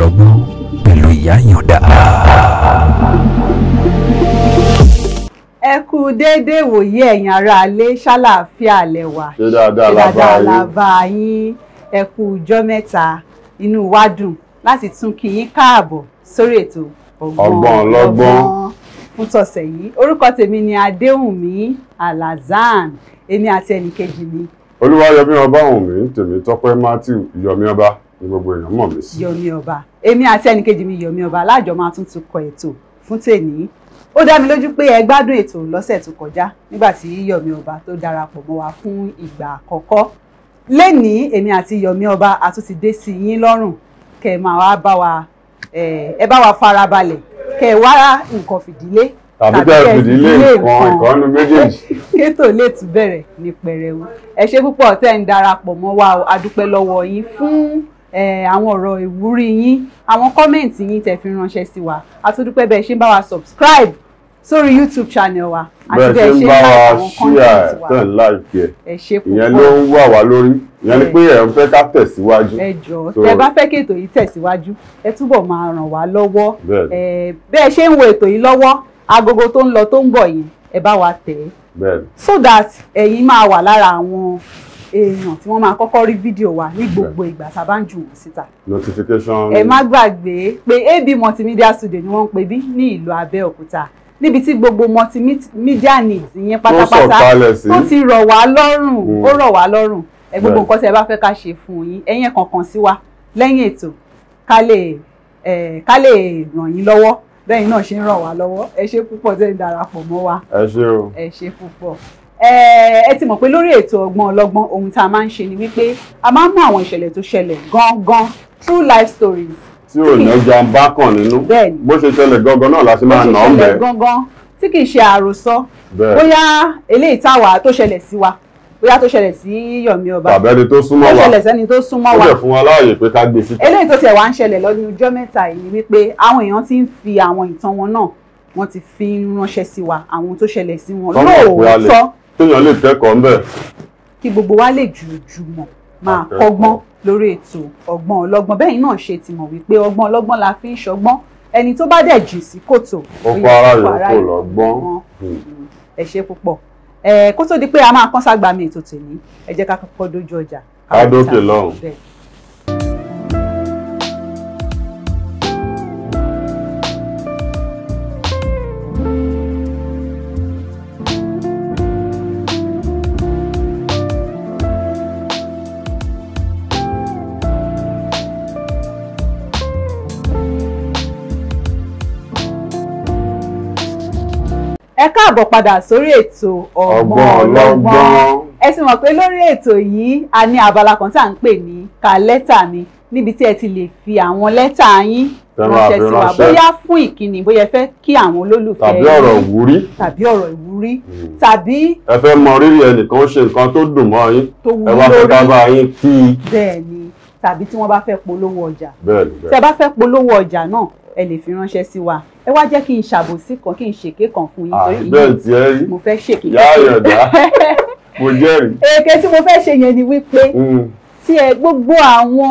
lọ́gbọ́n pẹ̀lú ìyá Ìyàndá. ẹ kú déédéé wòye ẹ̀yin ará alé ṣàlàáfíà lẹ́wà ṣe dáadáa la bá yín ẹ kú ọjọ́ mẹ́ta inú wa dùn láti tún kí yín káàbọ̀ sórí ètò ọgbọ́n ọlọ́gbọ́n fún tọ̀sẹ̀ yìí orúkọ tèmi ni Adéwùnmí Alazan èmi àti ẹnìkejì mi. Olúwayọ̀mí Ọbáwùnmí tèmi Tọ́pẹ́ Matthew Ìyọ̀mí Ọba ni gbogbo èèyàn mọ̀ mí sí. yọmi ọba èmi àti ẹnìkejì mi yọmi ọba alájọ máa tún ti kọ ètò fún tèmi ó dá mi lójú pé ẹ gbádùn ètò lọ́sẹ̀ tó kọjá nígbà tí yọmi ọba tó darapọ̀ mọ́ wa fún ìgbà àkọ́kọ́ lénìí èmi àti yọmi ọba a tún ti dé sí yín lọ́rùn kẹ́ ẹ máa wá bá wa ẹ bá wa farabalẹ̀ kẹ́ ẹ wá nǹkan fìdílé tàbí kẹ́ ẹ fìdílé nǹkan ìkànnì méjèèjì. kétò lè tún bẹ̀rẹ̀ ní pẹrẹwu ẹ ṣe púpọ̀ tẹ́ ń darapọ̀ mọ́ wa a dúpẹ́ lọ́wọ́ yín fún àwọn ọ̀rọ̀ ìwúrí yín àwọn kọ́mẹ̀ǹtì yín tẹ̀ fi ránṣẹ́ sí wa a tún bẹ́ẹ̀ ṣe ń bá wa subscribe sórí YouTube channel wa àti bẹ́ẹ̀ ṣe ń bá wa ṣíà tán láìpẹ́ ìyẹn ló ń wà wá lórí ìyẹn ni pé ẹ̀ ń fẹ́ ká tẹ̀síwájú. ẹ jọ̀ọ́ tẹ́ bá fẹ́ kí ètò yìí tẹ̀síwájú ẹ túbọ̀ máa ràn wá lọ́wọ́ bẹ́ẹ̀ ṣe ń wo ètò yìí lọ́wọ́ agogo tó ń lọ tó ń bọ̀ yẹn ẹ bá wa tẹ̀ so that ẹ̀yin máa wà lára àwọn èèyàn tí wọ́n máa kọ́kọ́ rí fídíò wa ní gbogbo ìgbà tá a bá ń jù wọ́n síta. notification. ẹ má gbàgbé pé AB multimedia studio ni wọ́n ń pè bí ní ìlú Abẹ́òkúta níbi tí gbogbo multimedia needs ìyẹn pátápátá tó ti rọ̀ wá lọ́rùn ó mm. rọ̀ wá lọ́rùn ẹ gbogbo nǹkan tí ẹ bá fẹ́ ká ṣe fún yín ẹ̀yin kankan sí wa lẹ́yìn ètò ká lè ká lè ràn yín lọ́wọ́ bẹ́ẹ̀ náà ṣe ń ràn wá lọ́wọ́ ẹ ṣé púpọ̀ tẹ́ ń darapọ̀ mọ́ wa ẹ ṣé púpọ̀ ẹ ti mọ̀ pé lórí ètò ọgbọ́n ọlọ́gbọ́n ohun tá a máa ń ṣe ni wípé a máa ń mú àwọn ìṣẹ̀lẹ̀ tó ṣẹlẹ̀ gangan true life stories. tí ò ní jàǹbá kan nínú bó ṣe ṣẹlẹ̀ gangan náà la ṣe máa nà ọ́ bẹ́ẹ̀. bó ṣe ṣẹlẹ̀ gangan tí kì í ṣe àròsọ bóyá eléyìí táwa tó ṣẹlẹ̀ sí wa bóyá tó ṣẹlẹ̀ sí Yọ̀mí Ọba tàbí ẹni tó súnmọ́ wa tó ṣẹlẹ̀ sẹ́ni tó súnmọ́ wa ó jẹ́ fún wa láàyè pé ká gbé síta. eléyìí tó tiẹ̀ wá ń ṣẹlẹ̀ lọ́dún ọjọ́ mẹ́ta yìí wípé àwọn èèyàn ti ń fi àwọn ìtàn wọn náà wọ́n ti fi ń ránṣẹ́ sí wa àwọn tó ṣẹlẹ̀ sí wọn lóòótọ́ kéèyàn lè kẹ́kọ̀ọ́ ń bẹ̀. kí gbogbo wa lè jùjùmọ̀ máa kọ́gbọ́n lórí ètò ọgbọ́n ọlọ́gbọ́n bẹ́ẹ̀ náà ṣe ti mọ̀ wípé ọgbọ́n ọlọ́gbọ́n la fi ń ṣọgbọ́n ẹni tó bá dẹ̀ jìn sí kòtò ó yẹ kó ara yòókù lọ́gbọ́n hmm. ẹ ṣe púpọ̀ kó tó di pé a máa kán ságbàmì ètò tèmi ẹ jẹ́ ká kọ́kọ́ dójú ọjà. adókè lọ́hùn-ún ẹ káàbọ̀ padà sórí ètò ọmọ ọlọ́gbọ́n ẹ sì mọ̀ pé lórí ètò yìí a ní abala kan tá à ń pè ní ka lẹ́tà mi níbi tí ẹ ti lè fi àwọn lẹ́tà yín ránṣẹ́ sí wa bóyá fún ìkíni bóyá ẹ fẹ́ kí àwọn olólùfẹ́ tàbí ọ̀rọ̀ ìwúrí tàbí ọ̀rọ̀ ìwúrí hmm. tàbí. ẹ fẹ́ mọ rírì ẹnìkan ṣe nǹkan tó dùn mọ́ yín ẹ wá fẹ́ bá bá yín kí i. tàbí tí wọ́n bá fẹ́ polówó ọjà. bẹ́ẹ̀ni bẹ́ẹ̀ni tẹ́ bá fẹ́ polówó ọjà náà ẹ lè fi ránṣẹ́ sí wa ẹ wá jẹ́ kí n ṣàbòsí kan kí n ṣèké kan fún yín torí ah, ìyẹn mo fẹ́ ṣèké mo jẹ́rìí. èké tí mo fẹ́ ṣe yẹn ni wípé hmm. tí ẹ gbogbo àwọn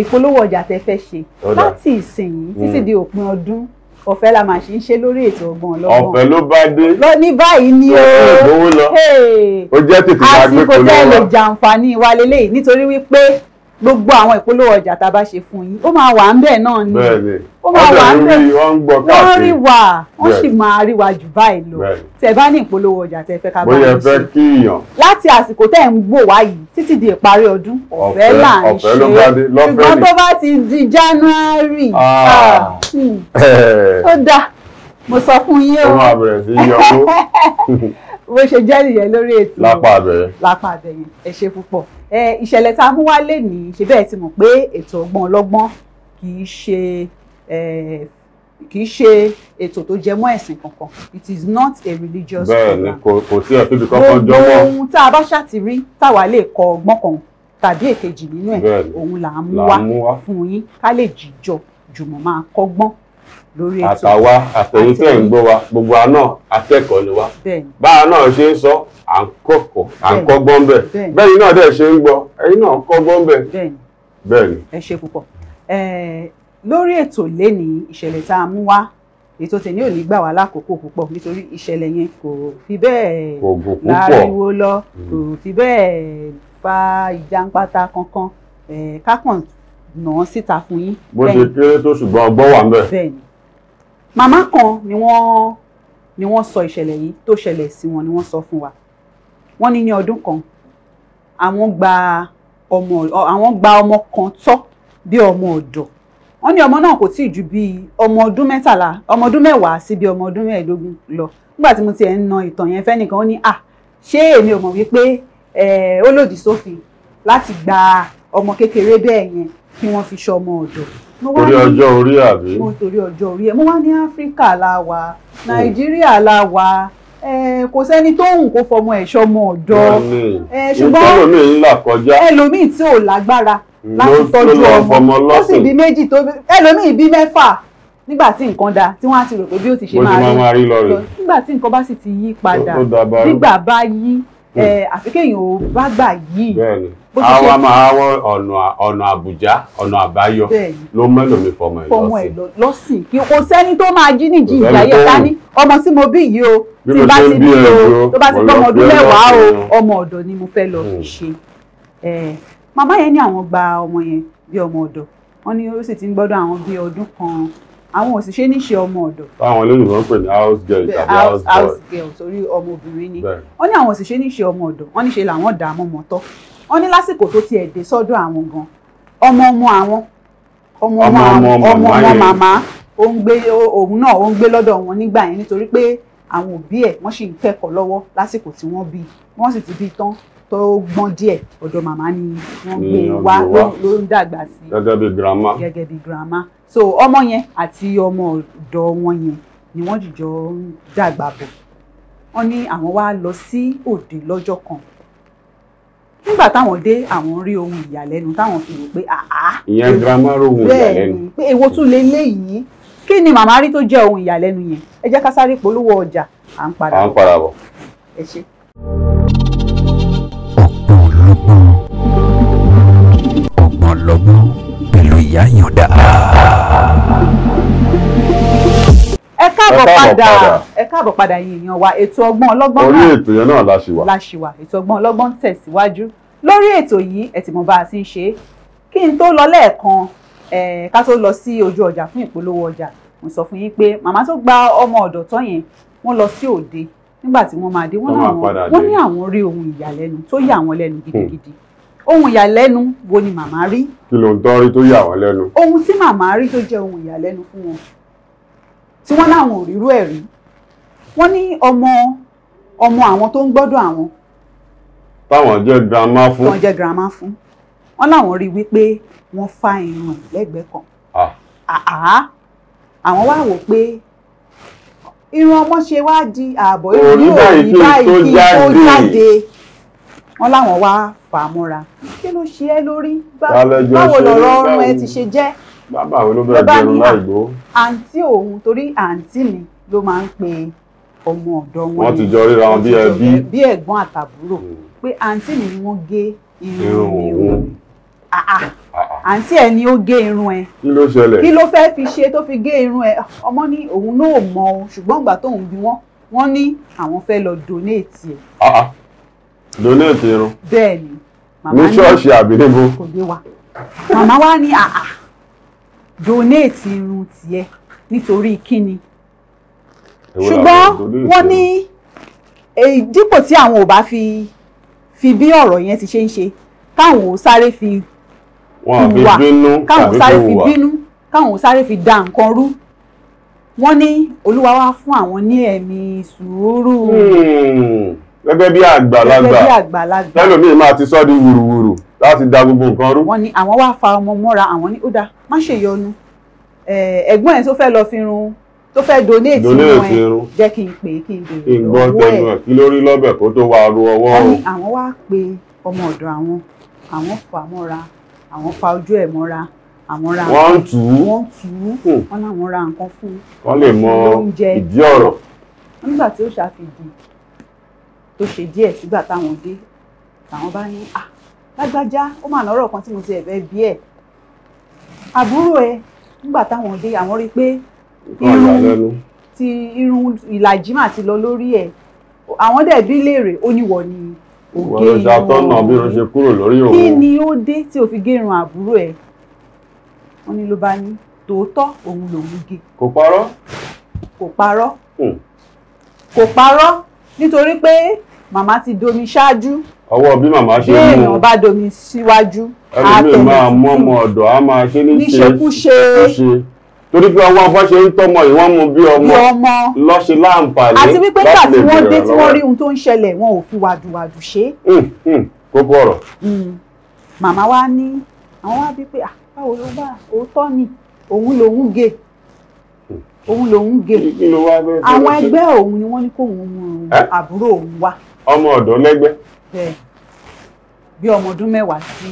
ìpolówó ọjà tẹ fẹ́ ṣe láti ìsinyìí hmm. títí di òpin ọdún ọ̀fẹ́ la máa ṣe ń ṣe lórí ètò ọgbọ́n ọlọ́gbọ́n ọ̀fẹ́ ló bá dé lọ ní báyìí ni o ó jẹ́ tètè máa gbé polówó wa àsìkò tẹ́ lè jàǹfààní wa lélẹ́yìí nítorí wípé gbogbo àwọn ìpolówó ọjà tá a bá ṣe fún yín ó máa wà ń bẹ̀ náà ni ó máa wà ń bẹ̀ wọ́n rí wà wọ́n sì máa rí wà jù báyìí lọ tẹ́ bá ní ìpolówó ọjà tẹ́ fẹ́ ká bá wọn ṣe láti àsìkò tẹ́ ń wò wá títí di ìparí ọdún ọ̀fẹ́ là ń ṣe ṣùgbọ́n tó bá ti di January ah. Ah, hmm, ó dáa mo sọ fún yín o. bó ṣe jẹ́ nìyẹn lórí ètò lápá abẹ́rẹ́ lápá abẹ́rẹ́ ẹ ṣe púpọ̀ ìṣẹ̀lẹ̀ tá a mú wá lè ní ṣe bẹ́ẹ̀ ti mọ̀ pé ètò ọgbọ́n ọlọ́gbọ́n kì í ṣe kì í ṣe ètò tó jẹ mọ́ ẹ̀sìn kankan it is not a religious program. bẹ́ẹ̀ni kò kò sí ẹbí bí kankan jọmọ. gbogbo ohun tá a bá ṣàtìrí táwa lè kọ ọgbọ́n kan tàbí èkejì nínú ẹ̀ òun là ń mú wá fún yín ká lè jíjọ jùmọ̀ máa kọ́gbọ́n lórí ètò àtàwa àtẹ̀yìn tẹ̀ ń gbọ́ wa gbogbo àná akẹ́kọ̀ọ́ ni wa báwa náà ṣe ń sọ à ń kọ́kọ́ à ń kọ́gbọ́n bẹ̀ bẹ́ẹ̀ni náà dẹ̀ ṣe ń gbọ́ ẹ̀yin náà kọ́gbọ́n bẹ̀ bẹ́ẹ̀ni. ẹ ṣe púpọ̀ lórí ètò lẹ́ni ìṣẹ̀lẹ̀ tá a mú wá ètò tèmi ò ní gbà wá lákòókò púpọ̀ nítorí ìṣẹ̀lẹ̀ yẹn kò fi bẹ́ẹ̀ láriwo lọ mm. kò fi bẹ́ẹ̀ fa ìjàǹpata kankan kákan nà síta fún yín. bó ṣe kéré tó ṣùgbọ́n ọgbọ́n wà ń bẹ̀. bẹ́ẹ̀ni màmá kan ni wọ́n ni wọ́n sọ ìṣẹ̀lẹ̀ yìí tó ṣẹlẹ̀ sí wọn ni wọ́n sọ fún wa wọ́n ní ní ọdún kan àwọn gba ọmọ àwọn gba ọmọ kan tọ́ bí ọmọ ọ̀dọ̀ wọ́n ní ọmọ náà kò tíì ju bíi ọmọ ọdún mẹ́tàlá ọmọ ọdún mẹ́wàá sí bíi ọmọ ọdún mẹ́ẹ̀ẹ́dógún lọ nígbà tí mo ti ẹ̀ ń na ìtàn yẹn fẹ́nìkan ó ní à ṣé èmi ò mọ̀ wípé ó lòdì sófin láti gba ọmọ kékeré bẹ́ẹ̀ yẹn kí wọ́n fi ṣọmọ ọ̀dọ̀ torí ọjọ́ orí àbí. mo torí ọjọ́ orí ẹ̀ mo wá ní áfíríkà la wà hmm. nàìjíríà la wà kò sẹ́ni tó hùn kó fọmọ ẹ̀ sọmọ ọ̀dọ́ ṣùgbọ́n ẹlòmíì ńlá kọjá ẹlòmíì tí ò lágbára láti tọ́jú ọmọ ó sì bí méjì tó ẹlòmíì bí mẹ́fà nígbà tí nǹkan da tí wọ́n á ti rò pé bí ó ti ṣe máa rí lọ rẹ̀ nígbà tí nǹkan bá sì ti yí padà nígbà bá yí hmm. àfikẹ́yìn ò bá gbà yí àwọn àmọ́ àwọn ọ̀nà àbújá ọ̀nà àbáyọ ló mẹ́lòmí fọmọ ẹ̀ lọ́sìn. fọmọ ẹ̀ lọ́sìn kí kò sẹ́ni tó máa jí nìjí ìyáyé ta ní ọmọ tí mo bí yìí o tí bá ti bí o tó bá ti tọmọ ọdún mẹ́wàá o ọmọ ọ̀dọ̀ ni mo fẹ́ lọ fi hmm. ṣe. màmá yẹn ní àwọn gba ọmọ yẹn bí ọmọ ọ̀dọ̀ wọn ní ó sì ti ń gbọ́dọ̀ àwọn bíi ọdún kan àwọn òṣìṣẹ́ níṣẹ́ ọmọ ọ̀dọ̀. àwọn olóyìnbó ń pè ní house girl tàbí house boy house girl torí ọmọ obìnrin ni wọ́n ní àwọn òṣìṣẹ́ níṣẹ́ ọmọ ọ̀dọ̀ wọ́n níṣe làwọn dààmú mọ́tọ́ wọ́n ní lásìkò tó tiẹ̀ dé sọ́dọ̀ àwọn gan ọmọ ọmọ àwọn ọmọ ọmọ ọmọ màmá òun náà ó ń gbé lọ́dọ̀ wọn nígbà yẹn nítorí pé àwọn òbí ẹ̀ wọ́n sì ń kẹ́kọ̀ọ́ lọ́wọ́ lásìkò tí wọ́n bí wọ́n sì ti bí tán tó gbọ́n díẹ̀ ọ̀dọ̀ màmá ni wọ́n gbé wá ló ń dàgbà sí gẹ́gẹ́ bí girama gẹ́gẹ́ bí girama so ọmọ yẹn àti ọmọ ọ̀dọ̀ wọn yẹn ni wọ́n jìjọ ń dàgbà bọ̀ wọ́n ní àwọn wá lọ sí òde lọ́jọ́ kan nígbà táwọn dé àwọn rí ohun ìyàlẹ́nu táwọn fi wò pé àá. ìyẹn girama rí ohun ìyàlẹ́nu. bẹ́ẹ̀ pé èwo tún lè léyìí kí ni màmá rí tó jẹ́ ohun ìyàlẹ́nu yẹn ẹ jẹ́ ká sáré polówó ọjà à ń padà bọ̀. à ń padà bọ̀. ẹ ṣe. ọ̀pọ̀ lọ́gbọ́n ọ̀gbọ́n lọ́gbọ́n pẹ̀lú ìyá yọ̀dá káàbọ̀ padà ẹ káàbọ̀ padà yìí èèyàn wa ètò ọgbọ́n ọlọ́gbọ́n náà orí ètò yẹn náà la ṣì wà la ṣì wà ètò ọgbọ́n ọlọ́gbọ́n tẹ̀síwájú lórí ètò yìí ẹ ti mọ̀ bá a ti ń ṣe kí n tó lọ lẹ́ẹ̀kan ká tó lọ sí ojú ọjà fún ìpolówó ọjà mo sọ fún yín pé màmá tó gba ọmọ ọ̀dọ̀ tán yẹn wọ́n lọ sí òde nígbà tí wọ́n máa dé wọ́n ní ohun ìyàlẹ́nu wo ni màmá rí. kí ló ń tọ́rí tó yà wọ́n lẹ́nu. ohun tí màmá rí tó jẹ́ ohun ìyàlẹ́nu fún wọn tí wọ́n láwọn ò rírú ẹ̀ rí wọ́n ní ọmọ ọmọ àwọn tó ń gbọ́dọ̀ àwọn. táwọn jẹ́ girama fún. wọ́n jẹ́ girama fún wọ́n láwọn rí wípé wọ́n fa irun ẹ̀ lẹ́gbẹ̀ẹ́ kan. àá àwọn wá wò pé irun ọmọ ṣe wá di ààbọ̀ irun ní òní báyìí kí ó jáde wọ́n láwọn wá fà á mọ́ra kí ló ṣe é lórí báwo lọ̀rọ̀ ọrùn ẹ ti ṣe jẹ́ bàbá wo ló bẹ̀rẹ̀ bí irun láì gbó. àǹtí òun torí àǹtí mi ló máa ń pe ọmọ ọ̀dọ̀ wọn. wọ́n ti jọ ríra wọn bí ẹbí. bí ẹ̀gbọ́n àtàbúrò hmm. pé àǹtí mi ni wọ́n gé irun òun. àǹtí ẹ ni ó gé irun ẹ. kí ló ṣẹlẹ̀. kí ló fẹ́ẹ́ fi ṣe tó fi gé irun ẹ ọmọ ní òun náà mọ̀ o ṣùgbọ́n ìgbà tóun bí wọ́n wọ́n ní àwọn fẹ́ lọ donate ẹ. donate irun. bẹ́ẹ̀ ni. ní ṣọ́ọ̀ṣì àbí níbo. kò dé wa màmá wa ní àà donate irun tiẹ̀ nítorí kíni ṣùgbọ́n wọ́n ní dípò tí àwọn ò bá fi fi bí ọ̀rọ̀ yẹn ti ṣe ń ṣe káwọn ò sáré fi hùwà káwọn ò sáré fi bínú káwọn ò sáré fi da nǹkan rú wọ́n ní olúwa wá fún àwọn ní ẹ̀mí sùúrù. Hmm gẹ́gẹ́ bí àgbàlagbà lẹ́lòmíì máa ti sọ́ di wùrùwùrù láti da gbogbo nǹkan rú. wọ́n ní àwọn wá fa ọmọ mọ́ra àwọn ní ó dáa má ṣe yọnu ẹ̀gbọ́n ẹ̀ tó fẹ́ lọ fi run tó fẹ́ donate wọn ẹ jẹ́ kí n pè é kí n béèrè owó ẹ̀. ìgbọ́n tẹnu ẹ̀ kí lórí lọ́bẹ̀ kó tó wàá ru ọwọ́ o. wọ́n ní àwọn wá pe ọmọ ọ̀dọ̀ àwọn àwọn fà mọ́ra àwọn fa ojú ẹ̀ mọ́ra àwọn ra wọ́n tù ú wọ́n tù ú hmm. wọ́n ra nǹkan fún un. wọ́n lè mọ ìdí ọ̀rọ̀. nígbà tí ó ṣàfihàn tó ṣe díẹ̀ sígbà táwọn dé làwọn bá ní à ah, lágbájá ó mà lọ́rọ̀ kan tí mo ti ẹ̀bẹ̀ bí ẹ̀ àbúrò ẹ nígbà táwọn dé àwọn rí i pé irun ti irun ìlàjì mà ti lọ lórí ẹ̀ àwọn dẹ̀ bí léèrè ó ní wọ̀ ni ògé irun ọ̀hún kí ni ó dé tí o fi gé irun àbúrò ẹ̀ wọ́n ní ló bá ní tòótọ́ òun lòún gé kò parọ́ kò parọ́ hmm. kò parọ́ nítorí pé màmá ti domi ṣáájú. ọwọ́ bí màmá ṣe mú un bí èèyàn bá domi síwájú. ẹlòmíì máa mú ọmọ ọ̀dọ̀ á máa ṣe ní ṣekúṣe torí pé ọwọ́ afọ́ ń tọ́mọ yìí mú bí ọmọ lọ́ṣẹ láǹfààní àti wípé nígbà tí wọ́n dé tí wọ́n rí ohun tó ń ṣẹlẹ̀ wọn ò fi wàdùwàdù ṣe. Hmm, hmm, kókó ọ̀rọ̀. Hmm. màmá wa ní àwọn wá bí pé ah, báwo ló òótọ́ ni òun lòún gé òun lòun gé àwọn ẹgbẹ́ òun ni wọ́n ní kóun mú àbúrò òun wá. ọmọ ọ̀dọ́ lẹ́gbẹ́. bẹ́ẹ̀ bí ọmọ ọdún mẹ́wàá sí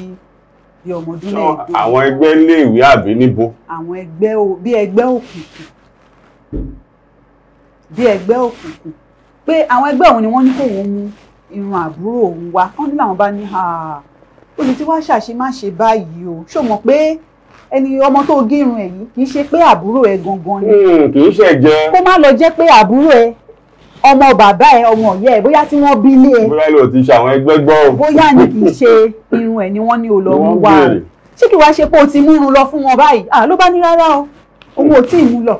bí ọmọ ọdún mẹ́ẹ̀ẹ́dógún. àwọn ẹgbẹ́ iléèwé àbí níbo. àwọn ẹgbẹ́ bí ẹgbẹ́ òkùnkùn bí ẹgbẹ́ òkùnkùn pé àwọn ẹgbẹ́ òun ni wọ́n ní kóun mú irun àbúrò òun wá wọ́n ní làwọn bá ní olùtí wàá ṣàṣemáṣe báyìí o ṣó mọ̀ pé ẹni ọmọ tó gírun ẹ̀ yìí kì í ṣe pé àbúrò ẹ̀ gangan ni. Hmm, kì í ṣe jẹ. kó má lọ jẹ́ pé àbúrò ẹ̀ ọmọ bàbá ẹ̀ ọmọ ọ̀yẹ́ ẹ̀ bóyá tí wọ́n bí lé ẹ̀. bóyá ló ti ṣe àwọn ẹgbẹ́ gbọ́. bóyá ni kì í ṣe irun ẹ̀ ni wọ́n ní olọ́mú wa ṣé kí wàá ṣe pé o ti múrun lọ fún wọn báyìí à ló bá ní rárá o òun ò tí ì mú lọ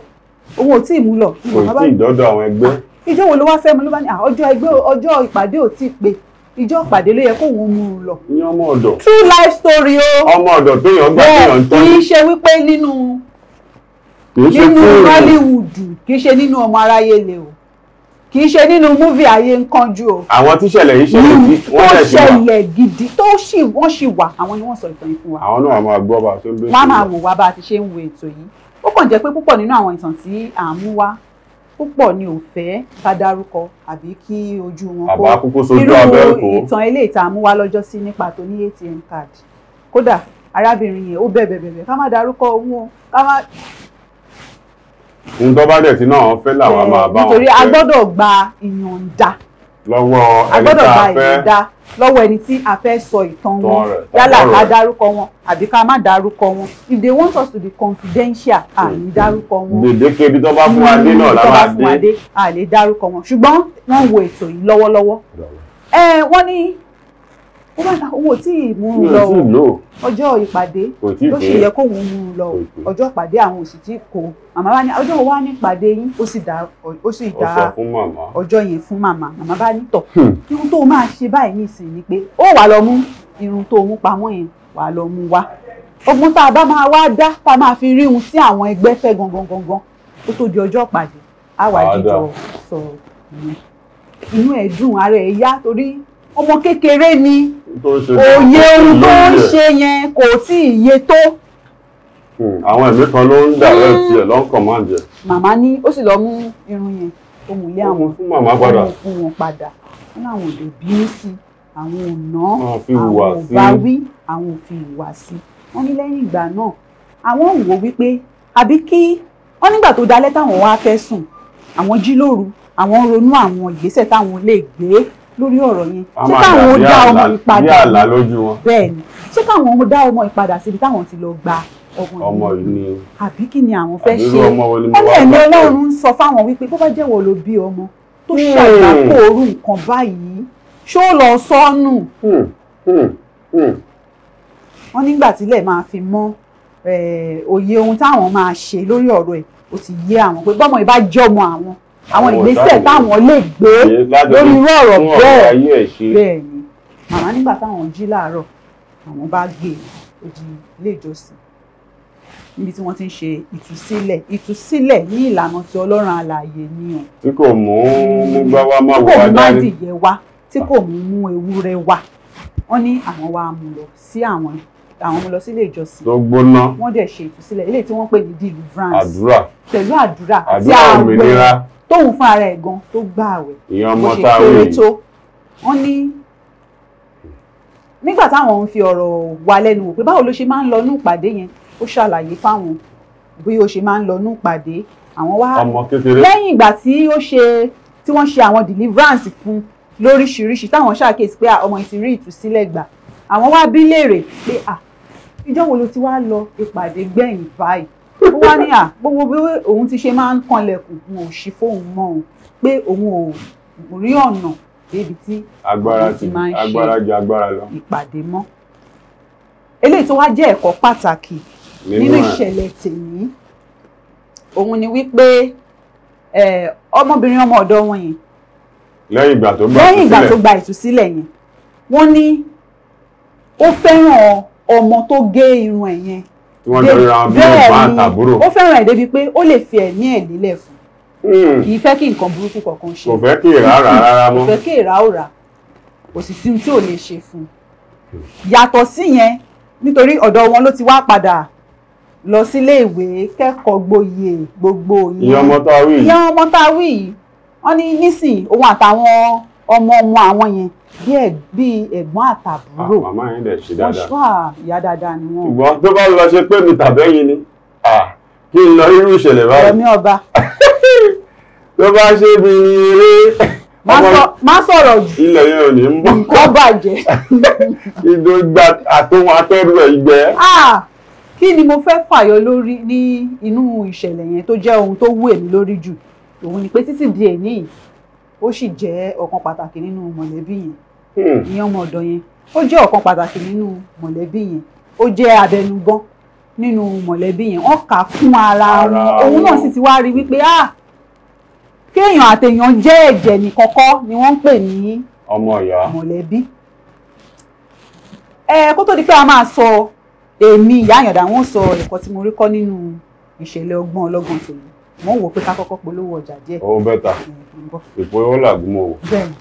òun ò tí ì mú lọ. kò tí ì dọ́dọ̀ àwọn ẹgbẹ́. ìjọ ló wá fẹ́ mi ló bá ní ọjọ́ ìpàdé ò tí ì pé ìjọ pàdé ló yẹ kó wọn mú un lọ. ní ọmọ ọ̀dọ̀. true life story o. ọmọ ọ̀dọ̀ téèyàn gbà téèyàn ń tọ́jú. kì í ṣe wípé nínú nínú Hollywood kì í ṣe nínú ọmọ aráyé le o kì í ṣe nínú múvì ayé ń kánjú o. àwọn tíṣẹ̀lẹ̀ yìí ṣẹlẹ̀ gidi wọ́n ṣẹ̀ sí wa. tó ṣẹlẹ̀ gidi tó ṣì wọ́n ṣì wà àwọn ni wọ́n sọ ìtàn yìí fún wa. àwọn náà máa gbọ́ bá a ṣe ń lóṣù. wọ́n á máa wò wá bá a ti ṣe ń wo ètò yìí ó kàn jẹ́ pé púpọ̀ nínú àwọn ìtàn tí à ń mú wá púpọ̀ ni ò fẹ́ ká dárúkọ àbí kí ojú wọn kó irú ìtàn eléyìí tá mú wá lọ́jọ́ sí nípa tó ní ATM card kódà arábìnrin yẹn ó bẹ̀bẹ̀ bẹ̀bẹ̀ ká má dárúkọ òun o ká má. ohun tó bá dẹ̀ sí náà fẹ́ làwọn máa bá wọn fẹ́ nítorí a gbọ́dọ̀ gba ìyọ̀ǹda lọ́wọ́ ẹni tá a fẹ́ lọ́wọ́ ẹni tí a fẹ́ sọ ìtàn wọn yálà ká dárúkọ wọn àbí ká má dárúkọ wọn if they want us to be confidential à ní dárúkọ wọn. gbèdéke ibi tó bá fún wa dé náà la máa dé. à lè dárúkọ wọn ṣùgbọ́n wọ́n wo ètò yìí lọ́wọ́lọ́wọ́. wọ́n ní ó bá ta owó tí mú un lọ o ọjọ́ ìpàdé ló ṣe yẹ kó òun mú un lọ o ọjọ́ ìpàdé àwọn òsì tí kò màmá bá ní ọjọ́ wo wá ní ìpàdé yín ó sì dá ọjọ́ yẹn fún màmá màmá bá ní tọ̀ irun hmm. tó máa ṣe báyìí nìsín ni pé ó wà lọ mú irun tó mú pamọ́ yẹn wà lọ mú wá ogun tá a bá máa wá dá tá a máa fi rí ohun tí àwọn ẹgbẹ́ fẹ́ gangan gangan ó tó di ọjọ́ ìpàdé á wà jíjọ sọ̀rọ̀ inú ẹ̀ dùn ara ẹ̀ yá torí ọmọ kékeré ni òye ohun tó ń ṣe yẹn kò tí ì yé tó. Hmm, àwọn ẹ̀mí kan ló ń dàrẹ́ hmm. tiẹ̀ ló ń kàn máa jẹ. màmá ní ó sì lọ mú irun yẹn tó mú ilé àwọn fún màmá padà fún wọn padà fún àwọn òde bínú sí àwọn ọ̀nà àwọn òbáwí àwọn òfin ìwà sí wọn ní lẹ́yìn ìgbà náà àwọn ń wò wípé àbí kí wọn nígbà tó dalẹ́ táwọn wá fẹ́ sùn àwọn jí lóru àwọn ronú àwọn ìgbésẹ̀ táwọn lè gbé lórí ọ̀rọ̀ yẹn ṣé káwọn ó dá ọmọ ìpadà bẹ́ẹ̀ ni ṣé káwọn ó dá ọmọ ìpadà síbi táwọn ti lọ gba ọmọ yìí ni àbí kí ni àwọn fẹ́ ṣe ẹlẹ́ẹ̀ni ọlọ́run sọ fáwọn wípé bó bá jẹ́wọ́ ló bí ọmọ tó hmm. ṣàgbákò nǹkan báyìí ṣó lọ sọ́nù hmm. Hmm. wọ́n nígbà tílẹ̀ máa fi mọ́ eh, òye ohun táwọn máa ṣe lórí ọ̀rọ̀ ẹ̀ ó ti yé àwọn pé bọ́mọ ìbá jọmọ àwọn àwọn ìgbésẹ̀ táwọn lè gbé lórí irú ọ̀rọ̀ bẹ́ẹ̀ bẹ́ẹ̀ ni màmá nígbà táwọn jí láàárọ̀ àwọn bá gbé odi e ilé ìjọsìn níbi tí wọ́n ti ń ṣe ìtúsílẹ̀ ìtúsílẹ̀ ní ìlànà ti ọlọ́run alààyè ni o. tí kò mú mú gbá wá má wò wá dání. tí kò mú má dìyẹ wá tí kò mú mú ewúrẹ́ wá wọ́n ní àwọn wa mú lọ sí àwọn àwọn ọmọ lọ sí ilé ìjọsìn. tó gbóná. wọ́n dẹ̀ ṣe ìtúsílẹ̀ ilé tí wọ́n pè ní deliverance. àdúrà pẹ̀lú àdúrà àdúrà òmìnira tóun fún ara ẹ̀ gan tó gbà àwẹ̀ bó ṣe kéré tó wọ́n ní nígbà táwọn ń fi ọ̀rọ̀ wá lẹ́nu wò pé báwo ló ṣe máa ń lọ ní ìpàdé yẹn ó ṣàlàyé fáwọn bí ó ṣe máa ń lọ ní ìpàdé àwọn wá lẹ́yìn ìgbà tí ó ṣe tí wọ́n ṣe àwọn deliverance fún lóríṣiríṣi táwọn ṣàkíyèsí pé ọmọ yìí ti rí ìtúsílẹ̀ gbà àwọn wá bí léèrè pé à ìjọ́ ló ti wá lọ ìpàdé gbẹ̀yìn báyìí ó wá ní à gbogbo bí òun ti ṣe máa ń kanlẹ̀kùn òun ò ṣí fóun mọ́ òun pé òun ò rí ọ̀nà débi tí òun ti máa ń ṣe ìpàdé mọ́ eléyìí tó wá jẹ́ ẹ̀kọ́ pàtàkì nínú ìṣẹ̀lẹ̀ tèmi òun ni wípé ọmọbìnrin ọmọ ọ̀dọ̀ wọn yẹn lẹ́yìn ìgbà tó gba ìtúsílẹ̀ yẹn wọ́n ní ó fẹ́ràn ọmọ tó gé irun ẹ̀ yẹn tí wọ́n lọ ra bí ẹ̀gbọ́n àtàbúrò. ó fẹ́ràn ẹ̀ débi pé ó lè fi ẹ̀mí ẹ̀ lélẹ̀ fún hmm. kì í fẹ́ kí nǹkan burúkú kankan ṣe. kò fẹ́ kí ìrà rà rárá mọ́. kò fẹ́ kí ìrà ó rà kò sì sí tí ò lè ṣe fún un. Hmm. yàtọ̀ síyẹn nítorí ọ̀dọ̀ wọn ló ti wá padà lọ sílé ìwé kẹ́kọ̀ọ́ gboyè gbogbo yìí. ìyá ọmọ tá a wí yìí. ìyá ọmọ tá a wí yìí wọ́n ní nísìn òun àtàwọn ọmọ bí ẹ̀gbọ́n àtàbúrò ah, màmá yín dẹ̀ ṣe dáadáa ọṣùà ìyá dáadáa ni wọ́n. ṣùgbọ́n tó bá lọ ṣe pé mi tàbẹ́yìn ni ah, kí n lọ irú ìṣẹ̀lẹ̀ báyìí. ọ̀rọ̀ mi ọba. tó bá ṣe bí eré má sọ̀rọ̀ jù ilẹ̀ yẹn ò ní mú nǹkan bàjẹ́ ìdó àtòwọn atẹ́rù ẹ̀ ah, kí ni mo fẹ́ fàyọ lórí ní inú ìṣẹ̀lẹ̀ yẹn tó jẹ́ ohun tó wú èmi lórí jù òun ni pé títí di èyí ó sì jẹ́ ọ̀kan pàtàkì nínú mọ̀lẹ́bí yẹn hmm. ìyẹn ọmọ ọ̀dọ̀ yẹn ó jẹ́ ọ̀kan pàtàkì nínú mọ̀lẹ́bí yẹn ó jẹ́ abẹnugan nínú mọ̀lẹ́bí yẹn wọ́n kà á kún ara wọn òun náà sì ti wá rí wípé ah kéèyàn àtèèyàn jẹ́ ẹ̀jẹ̀ nìkọ́kọ́ ni wọ́n ń pè ní ọmọ ìyá mọ̀lẹ́bí ẹ kó tó di pé a máa sọ èmi ìyá àyàndá wọn sọ ẹ̀kọ́ tí mo rí kọ́ nínú ìṣẹ̀lẹ̀ ọgbọ́n ọlọ́gbọ́n tòun wọ́n wò pé ká kọ́kọ́ polówó ọjà díẹ̀. ó bẹ́tà ìpolówó làgùnmọ̀ wò. bẹ́ẹ̀ni.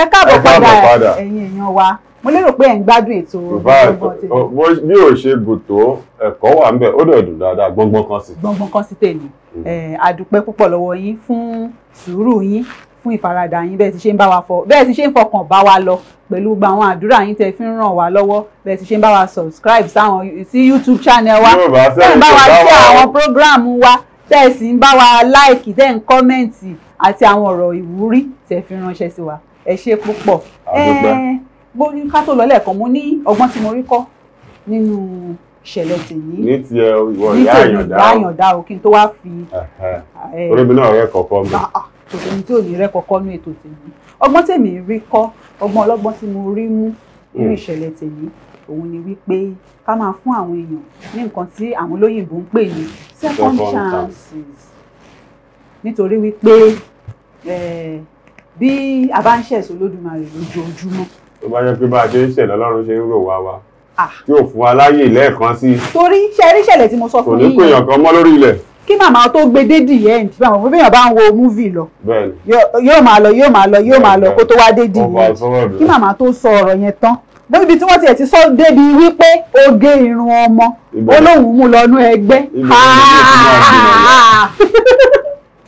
ẹ káàbọ̀ padà ẹ̀yin èèyàn wa mo lérò pé ẹ̀ ń gbádùn ètò ọgbọ́n oh, bí ò ṣe gùn tó ẹ̀kọ́ wà ń bẹ̀ ó dẹ̀ dùn dáadáa gbọ́ngbọ́n kan sí. gbọ́ngbọ́n kan sí tèmi àdúpẹ́ mm. púpọ̀ lọ́wọ́ yín fún sùúrù yín fún ìfaradà yín bẹ́ẹ̀ ti ṣe ń bá wa fọ bẹ́ẹ̀ ti ṣe ń fọkàn bá wa lọ pẹ̀lú gbogbo àwọn àdúrà yín tẹ́ fi ń ràn wá lọ́wọ́ bẹ́ẹ̀ ti ṣe ń bá wa subscribe sáwọn sí YouTube channel wa tẹ́ ń bá wa share àwọn program wa tẹ́ ẹ̀ sì ń bá wa like tẹ́ ń kọ́mẹ̀ǹtì àti àwọn ọ̀rọ̀ ìwúrí tẹ́ fi ránṣẹ́ sí wa ẹ ṣe púpọ̀. àdúpẹ́ borí ká tó lọ lẹ́ẹ̀kan mo ní ọgbọ́n tí mo rí kọ́ nínú ìṣẹ̀lẹ̀ tèyí ní ti ẹ eh, ìwọ ìyá àyàndá ìyá àyàndá o kí n tó wá fi. Eh, orí mi náà rẹ kọ̀ọ̀kan mi. Ah, ah, kò sẹ́ni tí ò ní rẹ kọ̀ọ̀kan ní ètò tèyí ọgbọ́n tèmi rí kọ́ ọgbọ́n ọlọ́gbọ́n tí mo rí mú nínú hmm. ìṣẹ̀lẹ̀ tèyí òun ni wípé ká máa fún àwọn èèyàn ní nǹkan tí àwọn olóyìnbó ń pè ní second chances nítorí wípé eh, bí a bá ń ṣẹ̀sọ́ Olódùmarè lójoojúmọ́ tó bá jẹ́ pé bá a ṣe ń ṣẹlẹ̀ ọlọ́run ṣe ń rò wá wa tí ò fún wa láyè lẹ́ẹ̀kan sí. torí ṣẹ́rí ṣẹlẹ̀ tí mo sọ fún yín kò ní pé èèyàn kan mọ́ lórí ilẹ̀. kí màmá tó gbé dé the end bí àwọn fúnbẹ́yàn bá ń wo múvì lọ yóò máa lọ yóò máa lọ yóò máa lọ kó tó wá dé the end kí màmá tó sọ ọ̀rọ̀ yẹn tán bó ibi tí wọ́n tiẹ̀ ti sọ débi wípé ó gé irun ọmọ olóhùn mú lọ́nú ẹgbẹ́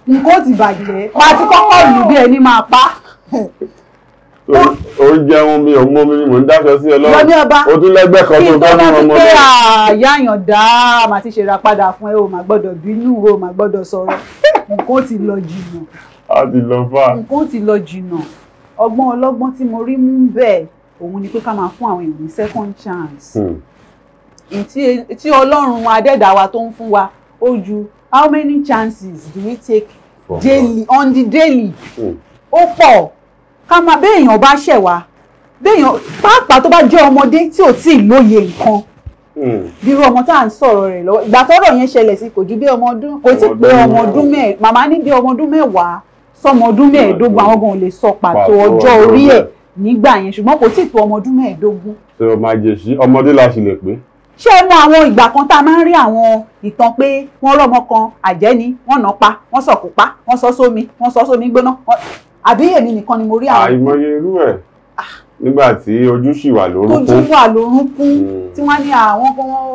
nǹkan ó ti bàjẹ́ máa ti kọ́kọ́ lù bí ẹni máa pa o jẹun mi ò mọ mi mò ń dáṣọ sí Ọlọ́run lọ́ní ọba kí n bá ti pé àyáyàn màá ti ṣera padà fún ẹ o màá gbọ́dọ̀ bínú o màá gbọ́dọ̀ sọ̀rọ̀ nǹkan ti lọ jìnnà. nǹkan ti lọ jìnnà ọgbọ́n ọlọ́gbọ́n tí mo rí mú bẹ́ẹ̀ òun ni pé ká máa fún àwọn èèyàn ní second chance. Hmm. tí Ọlọ́run adẹ́dàá tó ń fún wa ó ju how many chances do we take daily on the daily hmm. ó pọ̀ ká máa béèyàn bá ṣẹ̀ wá béèyàn pàápàá tó bá jẹ́ ọmọdé tí ò tí ì lóye nǹkan hmm. bírú ọmọ tá à ń sọ̀rọ̀ rẹ̀ lọ́wọ́ ìgbà tọ́rọ̀ yẹn ṣẹlẹ̀ sí kò ju bí ọmọ ọdún kò tí pé ọmọ ọdún mẹ́ẹ̀ màmá ní bí ọmọ ọdún mẹ́wàá sọmọ ọdún mẹ́ẹ̀ẹ́dógún àwọn gan lè sọ pàtó ọjọ́ orí ẹ̀ nígbà yẹn ṣùgbọ́n kò tí tó ọmọ ọdún mẹ́ẹ̀ẹ́dógún. ṣé o máa jẹ sí ọmọdé la sì lè pé. ṣé ẹ mọ àwọn ìgbà kan tá a máa ń rí àwọn ìtàn pé wọ́n rọ́mọ kan àjẹ́ ni wọ́n nà pa wọ́n sọ̀kò pa wọ́n sọ sómi wọ́n sọ sómi gbóná àbí èmi nìkan ni mo rí àwọn. àìmọye irú ẹ̀ ah. nígbà tí ojú sì wà lórúnkún tójú wà lórúnkún hmm. tí wọ́n ní àwọn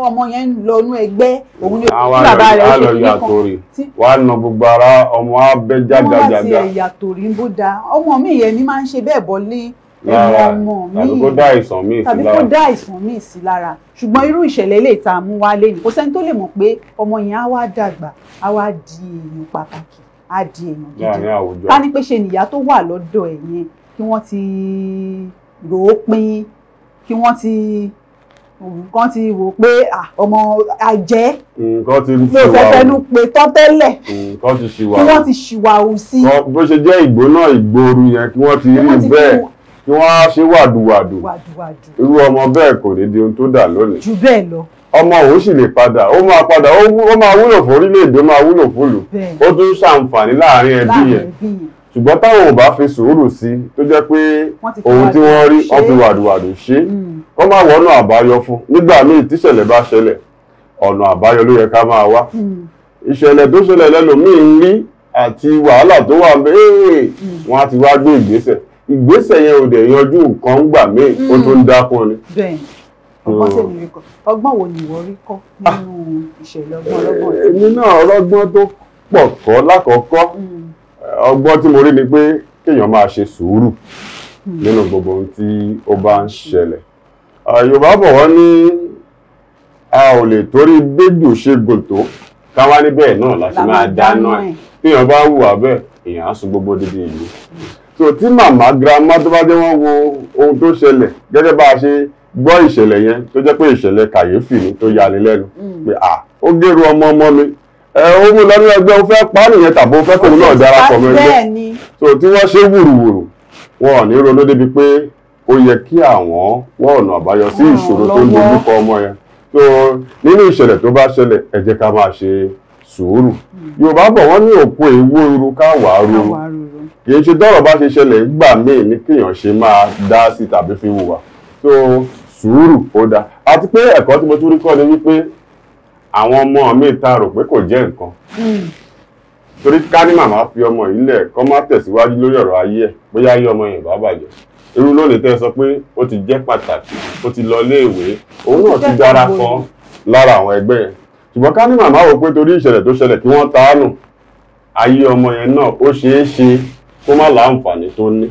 ọmọ yẹn lọ inú ẹgbẹ́ òun ni òkú bàbá rẹ̀ ṣe ní kan wà á na gbogbo ara ọmọ abẹ́ jágajàga. wọ́n ti ẹ̀yà torí ń bó da ọmọ mi yẹn mi máa ń ṣe bẹ́ẹ̀ bọ́ lé lára tàbí kó dá àìsàn míì sí tàbí kó dá àìsàn míì sí lára ṣùgbọ́n irú ìṣẹ̀lẹ̀ ilé ìta mú wálé ni kò sẹ́ni tó lè mọ̀ pé ọmọ yẹn á wá dàgbà á wá di èèyàn pàtàkì á di èèyàn gidi ká ní pé ṣe nìyá tó wà lọ́dọ̀ ẹ̀ yẹn kí wọ́n ti rò ó pín kí wọ́n ti nǹkan ti wò pé ọmọ àjẹ́ ló fẹ́ fẹ́nu pé tọ́tẹ́lẹ̀ kí wọ́n ti ṣìwàhù sí. bó ṣe jẹ́ ìgbó náà yẹn kí wọ́n ti rí bẹ́ẹ̀ kí wọ́n á ṣe wàdùwàdù irú ọmọ bẹ́ẹ̀ kò ní di ohun tó dà lónìí. jù bẹ́ẹ̀ lọ ọmọ òun sì lè padà ó máa padà ó máa wúlò fún orílẹ̀-èdè ó máa wúlò fúlù ó tún ṣàǹfààní láàrin ẹbí yẹn ṣùgbọ́n táwọn ò bá fi sùúrù sí tó jẹ́ pé ohun tí wọ́n rí wọ́n fi wàdùwàdù ṣe hmm. wọ́n máa wọ́nà àbáyọ fún nígbà míì tíṣẹ̀lẹ̀ bá ṣẹlẹ̀ ọ̀nà àbáyọ ló yẹ ká máa wá hmm. ìṣẹ̀lẹ̀ tó ṣẹlẹ̀ lẹ́lòmíì ń rí àti wàhálà tó wà bẹ́ẹ̀ hmm. wọ́n á ti wá gbé ìgbésẹ̀ ìgbésẹ̀ yẹn ò dẹ̀ yanjú nǹkan gbà míì ó tún dákun ni ọgbọ́n tèmi rí kọ́ ọgbọ́n wo ni ìwọ rí kọ́ ah. nínú ìṣẹ̀lẹ̀ ọgbọ́n ọlọ́gbọ́n eh, tèmi. ọlọ́gbọ́n tó pọ̀ kọ́ lákọ̀ọ́kọ́ hmm. eh, ọgbọ́n tí mo rí ni pé kéèyàn máa ṣe sùúrù hmm. nínú gbogbo ohun tí ó bá ń ṣẹlẹ̀ ah, yorùbá bọ̀ wọ́n ní a ò lè torí bẹ́jù ṣe gòtó ká wá níbẹ̀ náà láti máa dáná ẹ̀ téèyàn bá wù wá bẹ́ẹ̀ èèyàn á sun gbogbo dídí ìlú so tí màmá girama tó bá dé wọ́n wo ohun tó ṣẹlẹ̀ gẹ́gẹ́ bá a ṣe gbọ́ ìṣẹ̀lẹ̀ yẹn tó jẹ́ pé ìṣẹ̀lẹ̀ kàyéfì ni tó yani lẹ́nu mm. pé à ó gẹ̀rù ọmọ ọmọ mi ẹ ó mú lọ nínú ẹgbẹ́ o fẹ́ pa á nìyẹn tàbí o fẹ́ tí wọ́n ṣe wùrùwùrù wọn ò ní ronú débi pé ó yẹ kí àwọn ọ̀nà àbáyọ sí ìṣòro tó ń ọmọ yẹn so nínú ìṣẹ̀lẹ̀ tó bá ṣẹlẹ̀ ẹ jẹ́ ká ṣe sùúrù mm. yorùbá bọ̀ wọ́n ní sùúrù ó dáa àti pé ẹ̀kọ́ tí mo tún rí kọ́ ni wípé àwọn ọmọ mi ta rò pé kò jẹ́ nǹkan torí ká ní màmá fi ọmọ yìí lẹ̀ kọ́ má tẹ̀síwájú lórí ọ̀rọ̀ ayé ẹ̀ bóyá ayé ọmọ yẹn bá bàjẹ́ irú lónìí tẹ́ sọ pé ó ti jẹ́ pàtàkì ó ti lọ léèwé òun náà ti dára kan lára àwọn ẹgbẹ́ yẹn ṣùgbọ́n ká ní màmá wò pé torí ìṣẹ̀lẹ̀ tó ṣẹlẹ̀ kí wọ́n ta á nù ayé ọmọ yẹn náà ó ṣeé ṣe kó má láǹfààní tó ní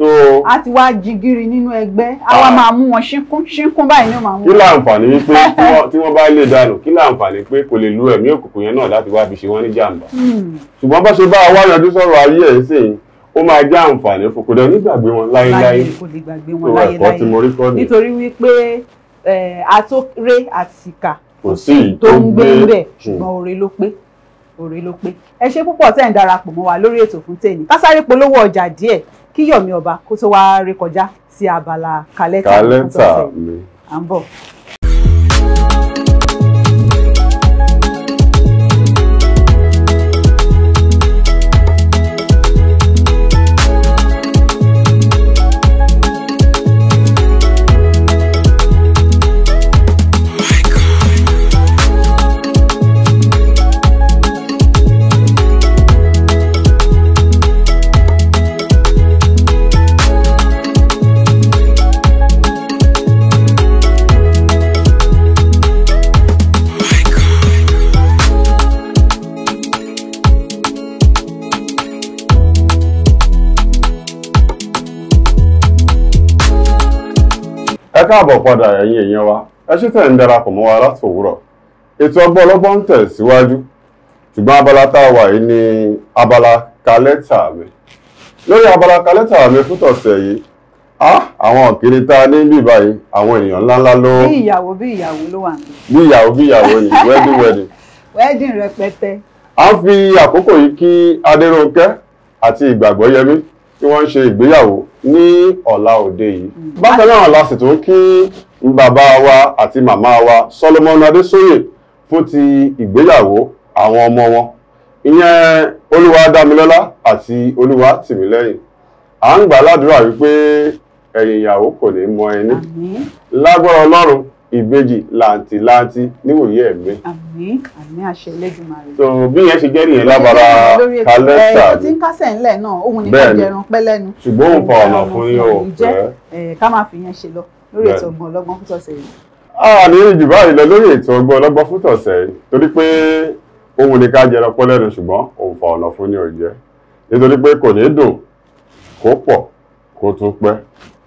a ti wá jigiri nínú ẹgbẹ́ a ah. máa mú wọn ṣínkún ṣínkún báyìí ni ó máa mú wọn. kí láǹfààní pé tí wọ́n bá lè dànù kí láǹfààní pé kò lè lu ẹ̀mí òkùnkùn yẹn náà láti wá fi ṣe wọ́n ní jàǹbá. Hmm. ṣùgbọ́n bá ṣe bá wa yanjú sọ̀rọ̀ ayé ẹ̀ sí i ó máa já àǹfààní fún kò dẹ̀ nígbàgbé wọn láéláé tó ẹ̀kọ́ tí mo rí kọ́ ni. nítorí wípé àtòrè àtìkà kò sí tó ń gbé bẹ́ẹ̀ ṣùgbọ́n oore ló pé oore ló pé ẹ ṣe púpọ̀ tẹ́ ń darapọ̀ mọ́ wa lórí ètò fún tèmi ká sáré polówó ọjà díẹ̀ kí Yọ̀mí Ọba kó tó wá rékọjá sí abala kàlẹ́tà. kàlẹ́tà mi. à ń bọ̀. káàbọ̀ padà ẹ̀yin èèyàn wa ẹ ṣé tẹ̀ ń darapọ̀ mọ́ wa láti òwúrọ̀ ètò ọgbọ́n ọlọ́gbọ́n ń tẹ̀síwájú ṣùgbọ́n abala tá a wà yìí ni abala kalẹ́tà mi lórí abala kalẹ́tà mi fún tọ̀sẹ̀ yìí àwọn òkèrè tá a ní bí báyìí àwọn ènìyàn ńláńlá ló. bí ìyàwó bí ìyàwó ló wà níbí. bí ìyàwó bí ìyàwó ni wedding wedding. wedding rẹpẹtẹ. a ń fi àkókò yìí kí Adérónkẹ́ àti Ìgbàgbọ́yẹmí tí wọ́n ń ṣe ìgbéyàwó ní ọ̀la òde yìí mm. bákan náà la sì tún kí bàbá wa àti màmá wa Solomon Adéṣóyè fún ti ìgbéyàwó àwọn ọmọ wọn ìyẹn Olúwadámilọ́lá àti Olúwatìmílẹ́yìn à ń gbà ládùúrà wípé ẹ̀yìn ìyàwó kò ní mọ ẹni lágbára Ọlọ́run ìbejì làǹtìlanti níwòye ẹ̀mí. àmín àmín àṣẹ Elédùmarè. tó bí yẹn ṣe jẹ́ nìyẹn lábara kálẹ́ńtà. ẹ ti ń kásẹ̀ ńlẹ̀ náà òun nìkan jẹrun pẹ́ lẹ́nu. ṣùgbọ́n òun fa ọ̀nà fún yín o. ká máa fi yẹn ṣe lọ lórí ètò ọgbọ́n ọlọ́gbọ́n fún tọ̀sẹ̀ yìí. a ní jù báyìí lọ lórí ètò ọgbọ́n ọlọ́gbọ́n fún tọ̀sẹ̀ yìí torí pé òun nìkan jẹrun pẹ́ lẹ́nu ṣùgbọ́n òun fa ọ̀nà fún yín o jẹ́ nítorí pé kò ní dùn kó pọ̀ kó tún pẹ́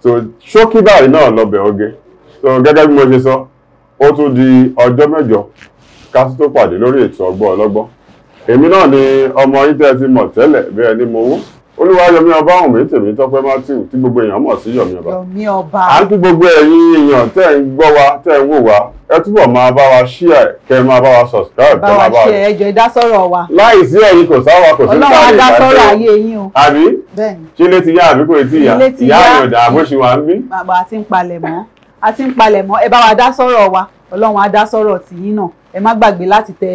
tó ṣókí báyìí náà lọ́bẹ̀ oge gẹ́gẹ́ bí mo ṣe sọ ó tún di ọjọ́ mẹ́jọ ká tó pàdé lórí ètò ọgbọ́n ọlọ́gbọ́n èmi náà ni ọmọ yín tẹ́ ti mọ̀ tẹ́lẹ̀ bẹ́ẹ̀ ni mo wú olúwayọmí ọba ọhún mi tèmi tọpẹ matthew tí gbogbo èèyàn mọ̀ sí yọmí ọba à ń kí gbogbo ẹ̀yin èèyàn tẹ́ ń gbọ́ wa tẹ́ ń wò wá ẹ túbọ̀ máa bá wa ṣíà kẹ́ máa bá wa subscribe kẹ́ máa bá wa ṣe ẹjọ ìdásọ̀rọ̀ wa láì sí ẹ̀yin kò sáwa kò sí káyé ìdájọ́ Ọlọ́run adásọ̀rọ̀ ayé yín o àbí ṣílé ti yá àbí kò tí ìyá ìyá àyọ̀dà àbóṣe wa ń bí bàbá àti ń palẹ̀ mọ́ a ti ń palẹ̀ mọ́ ẹ bá wa dá sọ́rọ̀ wa ọlọ́run á dá sọ́rọ̀ tìyín náà ẹ má gbàgbé láti tẹ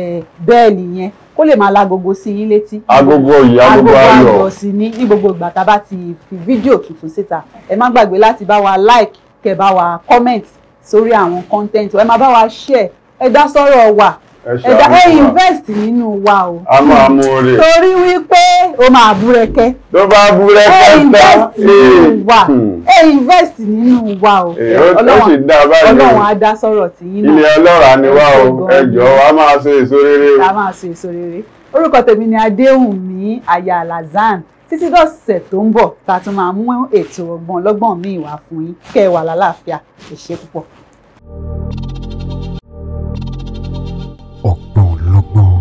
bẹ́ẹ̀lì yẹn kó lè máa lagogo sí yín létí. agogo yìí agogo ayọ̀ agogo ayọ̀ sí ní ní gbogbo ìgbà tá a bá ti fi fídíò tuntun síta ẹ má gbàgbé láti bá wa like kẹ bá wa comment sórí àwọn content ẹ má bá wa share ẹ dá sọ́rọ̀ wa ẹ̀dá ẹ invest nínú wa o. a máa mú oore. torí wípé o máa búrẹ́kẹ́. tó bá búrẹ́kẹ́ tán eh, hmm. ẹ invest nínú wa o. Eh, ọlọ́run á dá sọ̀rọ̀ tí yín náà. ilé ọlọ́ràá ni wá o ẹ jọ̀ọ́ a máa ṣe èso rere o. a máa ṣe èso rere orúkọ tèmi ni adéhùnmí aya alazan títí dọ̀sẹ̀ tó ń bọ̀ tá a tún máa mú ètò ọgbọ́n ọlọ́gbọ́n míì wá fún yín kẹ́ ẹ wà lálàáfíà ẹ ṣé púpọ̀. thank you ọlọ́gbọ́n.